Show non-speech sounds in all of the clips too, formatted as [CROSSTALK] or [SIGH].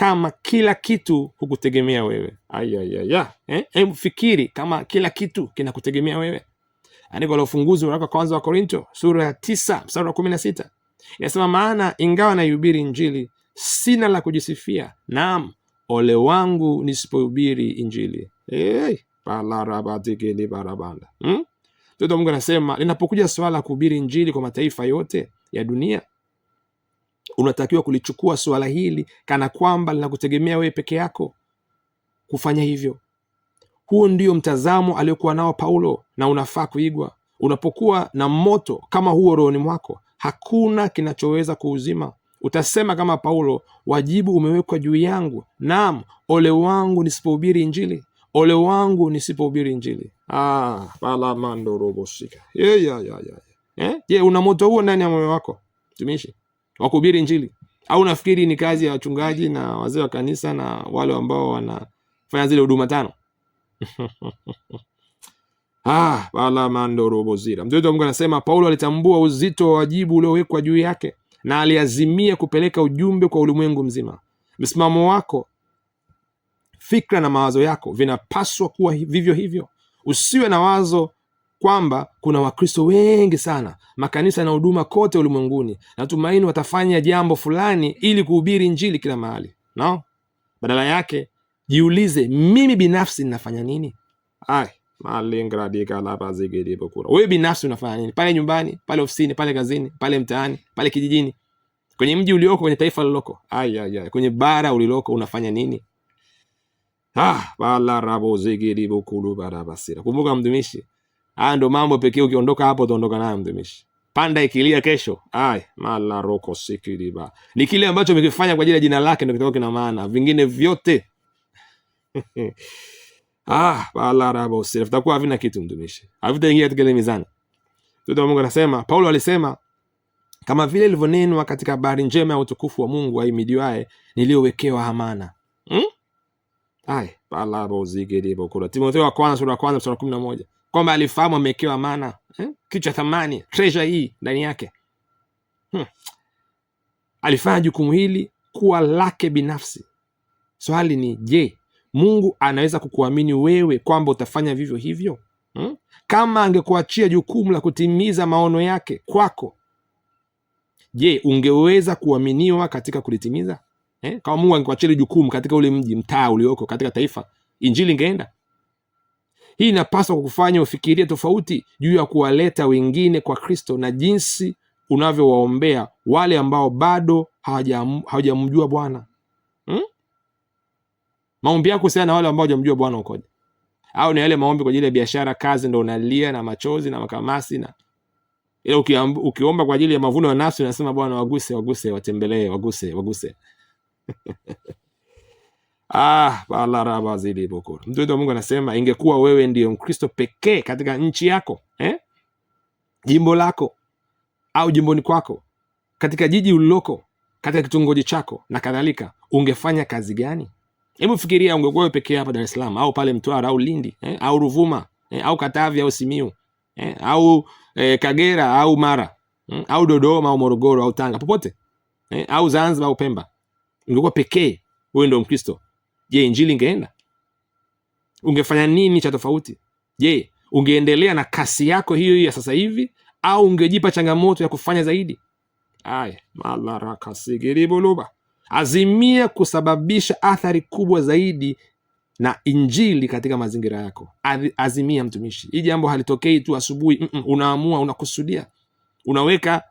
kama kila kitu hukutegemea wewe. Ayayaya, eh, hebu eh, fikiri kama kila kitu kinakutegemea wewe. Andiko la ufunguzi waraka kwanza wa Korinto sura ya tisa mstari wa kumi na sita inasema, maana ingawa naihubiri Injili sina la kujisifia, naam ole wangu nisipohubiri Injili. Hey, hmm? Mtoto hmm? Mungu anasema linapokuja swala la kuhubiri Injili kwa mataifa yote ya dunia unatakiwa kulichukua suala hili kana kwamba linakutegemea wewe peke yako kufanya hivyo. Huo ndio mtazamo aliokuwa nao Paulo na unafaa kuigwa. Unapokuwa na moto kama huo rohoni mwako, hakuna kinachoweza kuuzima. Utasema kama Paulo, wajibu umewekwa juu yangu, naam, ole wangu nisipohubiri Injili, ole wangu nisipohubiri Injili. Ah, eh? yeah, una moto huo ndani ya moyo wako, mtumishi? wa kuhubiri Injili? Au nafikiri ni kazi ya wachungaji na wazee wa kanisa na wale ambao wanafanya zile huduma tano? [LAUGHS] Ah, balamandorobozira mtoto wa Mungu anasema Paulo alitambua uzito wa wajibu uliowekwa juu yake na aliazimia kupeleka ujumbe kwa ulimwengu mzima. Msimamo wako, fikra na mawazo yako vinapaswa kuwa vivyo hivyo. Usiwe na wazo kwamba kuna Wakristo wengi sana makanisa na huduma kote ulimwenguni. Natumaini watafanya jambo fulani ili kuhubiri Injili kila mahali. No, badala yake jiulize, mimi binafsi ninafanya nini? Ay, wewe binafsi unafanya nini? Pale nyumbani, pale ofisini, pale kazini, pale mtaani, pale kijijini, kwenye mji ulioko, kwenye taifa liloko, ay, ay, ay, kwenye bara uliloko, unafanya nini? Ah, kumbuka mtumishi Haya ndo mambo pekee, ukiondoka hapo utaondoka nayo mtumishi. Panda ikilia kesho, ay mala roko sikiliba, ni kile ambacho umekifanya kwa ajili ya jina lake ndo kitakuwa kina maana, vingine vyote [LAUGHS] ah, bala rabo sirf takuwa havina kitu mtumishi, havitaingia katika ile mizani. Tuta Mungu anasema, Paulo alisema kama vile ilivyonenwa katika habari njema ya utukufu wa Mungu aimidiwae niliyowekewa amana hmm? ay bala rabo zigiribo kura Timotheo wa kwanza sura ya kwanza mstari kumi na moja kwamba alifahamu amewekewa mana eh? kitu cha thamani treasure hii ndani yake hmm. alifanya jukumu hili kuwa lake binafsi. Swali ni je, Mungu anaweza kukuamini wewe kwamba utafanya vivyo hivyo hmm? Kama angekuachia jukumu la kutimiza maono yake kwako, je, ungeweza kuaminiwa katika kulitimiza eh? Kama Mungu angekuachia jukumu katika ule mji, mtaa ulioko, katika taifa, injili ingeenda hii inapaswa kukufanya ufikirie tofauti juu ya kuwaleta wengine kwa Kristo na jinsi unavyowaombea wale ambao bado hawajamjua Bwana hmm? Maombi yako husiana na wale ambao hawajamjua Bwana ukoje? Au ni yale maombi kwa ajili ya biashara, kazi, ndo unalia na machozi na makamasi na ila ukiomba kwa ajili ya mavuno ya nafsi unasema Bwana waguse, waguse, watembelee, waguse, waguse [LAUGHS] Ah, zidi mtumishi wa Mungu anasema ingekuwa wewe ndiyo Mkristo pekee katika nchi yako eh? jimbo lako au jimboni kwako, katika jiji uliloko, katika kitongoji chako na kadhalika, ungefanya kazi gani? Hebu fikiria, ungekuwa wewe pekee hapa Dar es Salaam au pale Mtwara au Lindi eh? au Ruvuma eh? au Katavi au Simiu eh? au eh, Kagera au Mara hmm? au Dodoma au Morogoro au Tanga, popote eh? au Zanzibar au Pemba, ungekuwa pekee wewe ndio Mkristo Je, injili ingeenda? Ungefanya nini cha tofauti? Je, ungeendelea na kasi yako hiyo hiyo ya sasa hivi, au ungejipa changamoto ya kufanya zaidi? Aya, malarakasigeribuluba azimia kusababisha athari kubwa zaidi na injili katika mazingira yako. Azimia mtumishi, hii jambo halitokei tu asubuhi. Mm -mm, unaamua, unakusudia, unaweka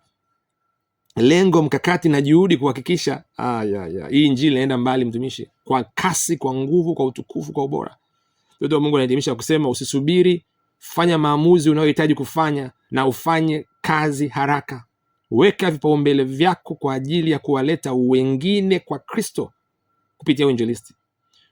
lengo, mkakati na juhudi kuhakikisha ah, hii injili inaenda mbali, mtumishi, kwa kasi, kwa nguvu, kwa utukufu, kwa ubora. Mtoto wa Mungu anahitimisha kusema, usisubiri, fanya maamuzi unayohitaji kufanya na ufanye kazi haraka. Weka vipaumbele vyako kwa ajili ya kuwaleta wengine kwa Kristo kupitia uinjilisti.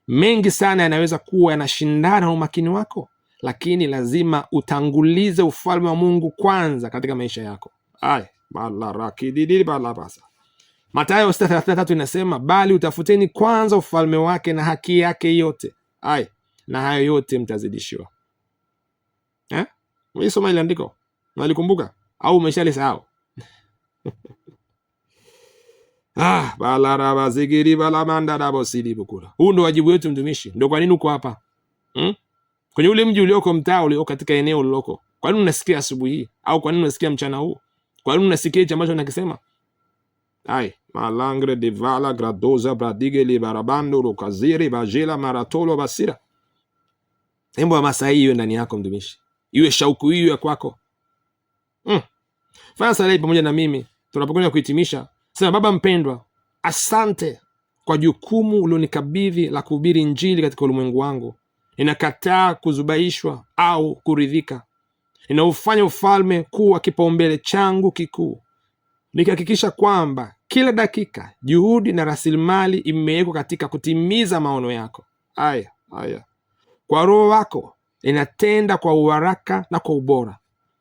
Mengi sana yanaweza kuwa yanashindana na umakini wako, lakini lazima utangulize ufalme wa Mungu kwanza katika maisha yako. Ay. Balabasa. Mathayo tatu inasema bali utafuteni kwanza ufalme wake na haki yake yote ay na hayo yote mtazidishiwa. Eh? Ulisoma ile andiko nalikumbuka au umeshalisahau? [LAUGHS] Ah, balaraba zigiri balamanda dabo sidi bukura. Huu ndo wajibu wetu mtumishi, ndo kwa nini uko hapa hmm? Kwenye ule mji ulioko, mtaa ulioko, katika eneo uliloko, kwa nini unasikia asubuhi hii au kwa nini unasikia mchana huu kwa nini unasikia hicho ambacho nakisema? Ai, malangre de vala gradoza bradigeli barabando rukaziri bajila maratolo basira. Hembo hamasa hii iwe ndani yako mdumishi. iwe shauku hiyo ya kwako. Mm. Fanya sala hii pamoja na mimi tunapokwenda kuhitimisha. Sema, Baba mpendwa, asante kwa jukumu ulionikabidhi la kuhubiri Injili katika ulimwengu wangu. Ninakataa kuzubaishwa au kuridhika ninaufanya ufalme kuwa kipaumbele changu kikuu, nikihakikisha kwamba kila dakika juhudi na rasilimali imewekwa katika kutimiza maono yako. Aya, aya, kwa Roho wako ninatenda kwa uharaka na kwa ubora,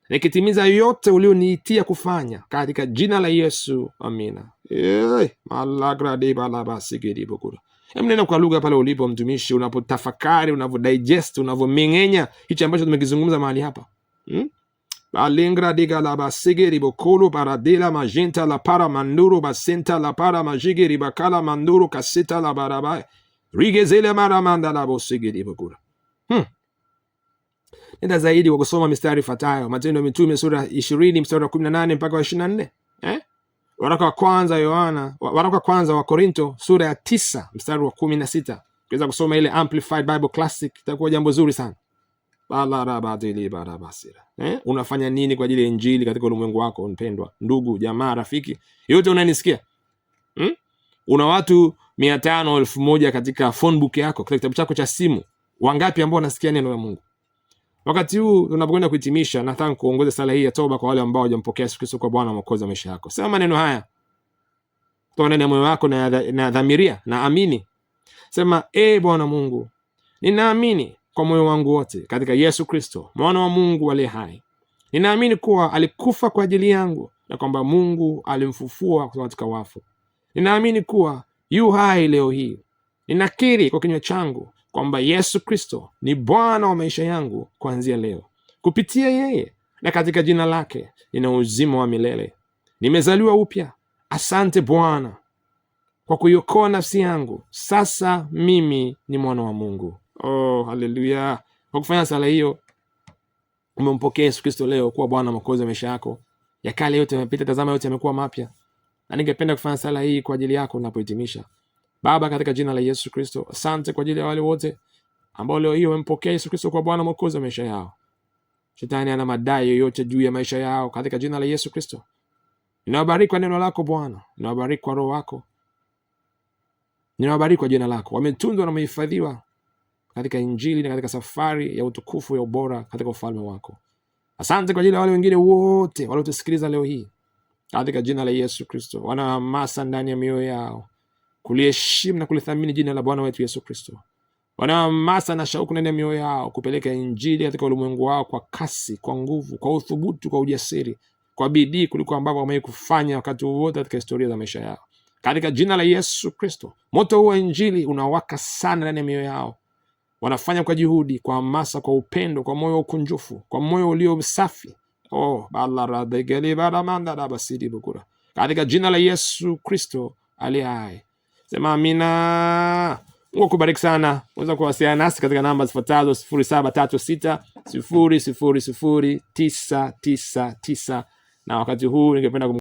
nikitimiza yote ulioniitia kufanya, katika jina la Yesu, amina. Nena kwa lugha pale ulipo mtumishi, unapotafakari, unavyodigest, unavyomeng'enya hichi ambacho tumekizungumza mahali hapa. Hmm? Alingra diga la basige ribokulu baradila majinta la para manduru basinta la para majige ribakala manduru kasita la baraba rigezele mara manda la bosige ribokura. Hmm. Nenda zaidi kwa kusoma mistari ifuatayo Matendo ya Mitume sura 20 mstari wa 18 mpaka wa 24. Eh? Waraka wa kwanza Yohana, waraka wa kwanza wa Korinto sura ya 9 mstari wa 16. Ukiweza kusoma ile Amplified Bible Classic itakuwa jambo zuri sana. Eh? Unafanya nini kwa ajili ya injili katika ulimwengu wako mpendwa, ndugu, jamaa, rafiki yote unanisikia hmm? Una watu mia tano elfu moja katika phone book yako, katika kitabu chako cha simu, wangapi ambao wanasikia neno la Mungu wakati huu tunapokwenda kuhitimisha? Nataka kuongoza sala hii ya toba kwa wale ambao hawajampokea Yesu Kristo kwa Bwana Mwokozi wa maisha yako. Sema maneno haya toka ndani ya moyo wako, na dhamiria na amini. Sema, e Bwana Mungu, ninaamini kwa moyo wangu wote katika Yesu Kristo mwana wa Mungu aliye hai. Ninaamini kuwa alikufa kwa ajili yangu na kwamba Mungu alimfufua kutoka katika wafu. Ninaamini kuwa yu hai leo hii. Ninakiri kwa kinywa changu kwamba Yesu Kristo ni Bwana wa maisha yangu kuanzia leo. Kupitia yeye na katika jina lake nina uzima wa milele. Nimezaliwa upya. Asante Bwana kwa kuiokoa nafsi yangu. Sasa mimi ni mwana wa Mungu. Oh, haleluya! Kwa kufanya sala hiyo umempokea Yesu Kristo leo kuwa Bwana Mwokozi wa maisha yako. Ya kale yote yamepita, tazama yote yamekuwa mapya. Na ningependa kufanya sala hii kwa ajili yako unapohitimisha. Baba, katika jina la Yesu Kristo, asante kwa ajili ya wale wote ambao leo hii wamempokea Yesu Kristo kuwa Bwana Mwokozi wa maisha yao. Shetani ana madai yoyote juu ya maisha yao katika jina la Yesu Kristo. Ninawabariki kwa neno lako Bwana, ninawabariki kwa Roho wako, ninawabariki kwa jina lako. wametunzwa na wamehifadhiwa katika Injili na katika safari ya utukufu ya ubora katika ufalme wako. Asante kwa ajili ya wale wengine wote waliotusikiliza leo hii katika jina la Yesu Kristo, wanaohamasa ndani ya mioyo yao kuliheshimu na kulithamini jina la Bwana wetu Yesu Kristo. wanaohamasa na shauku ndani ya mioyo yao kupeleka Injili katika ulimwengu wao kwa kasi, kwa nguvu, kwa uthubutu, kwa ujasiri, kwa bidii kuliko ambavyo wamewahi kufanya wakati wowote katika historia za maisha yao, katika jina la Yesu Kristo. Moto huu wa Injili unawaka sana ndani ya mioyo yao wanafanya kwa juhudi, kwa hamasa, kwa upendo, kwa moyo ukunjufu, kwa moyo ulio safi. Oh, bukura katika jina la Yesu Kristo aliye hai, sema amina. Mungu akubariki sana. Unaweza kuwasiliana nasi katika namba zifuatazo: sifuri saba tatu Na wakati huu ningependa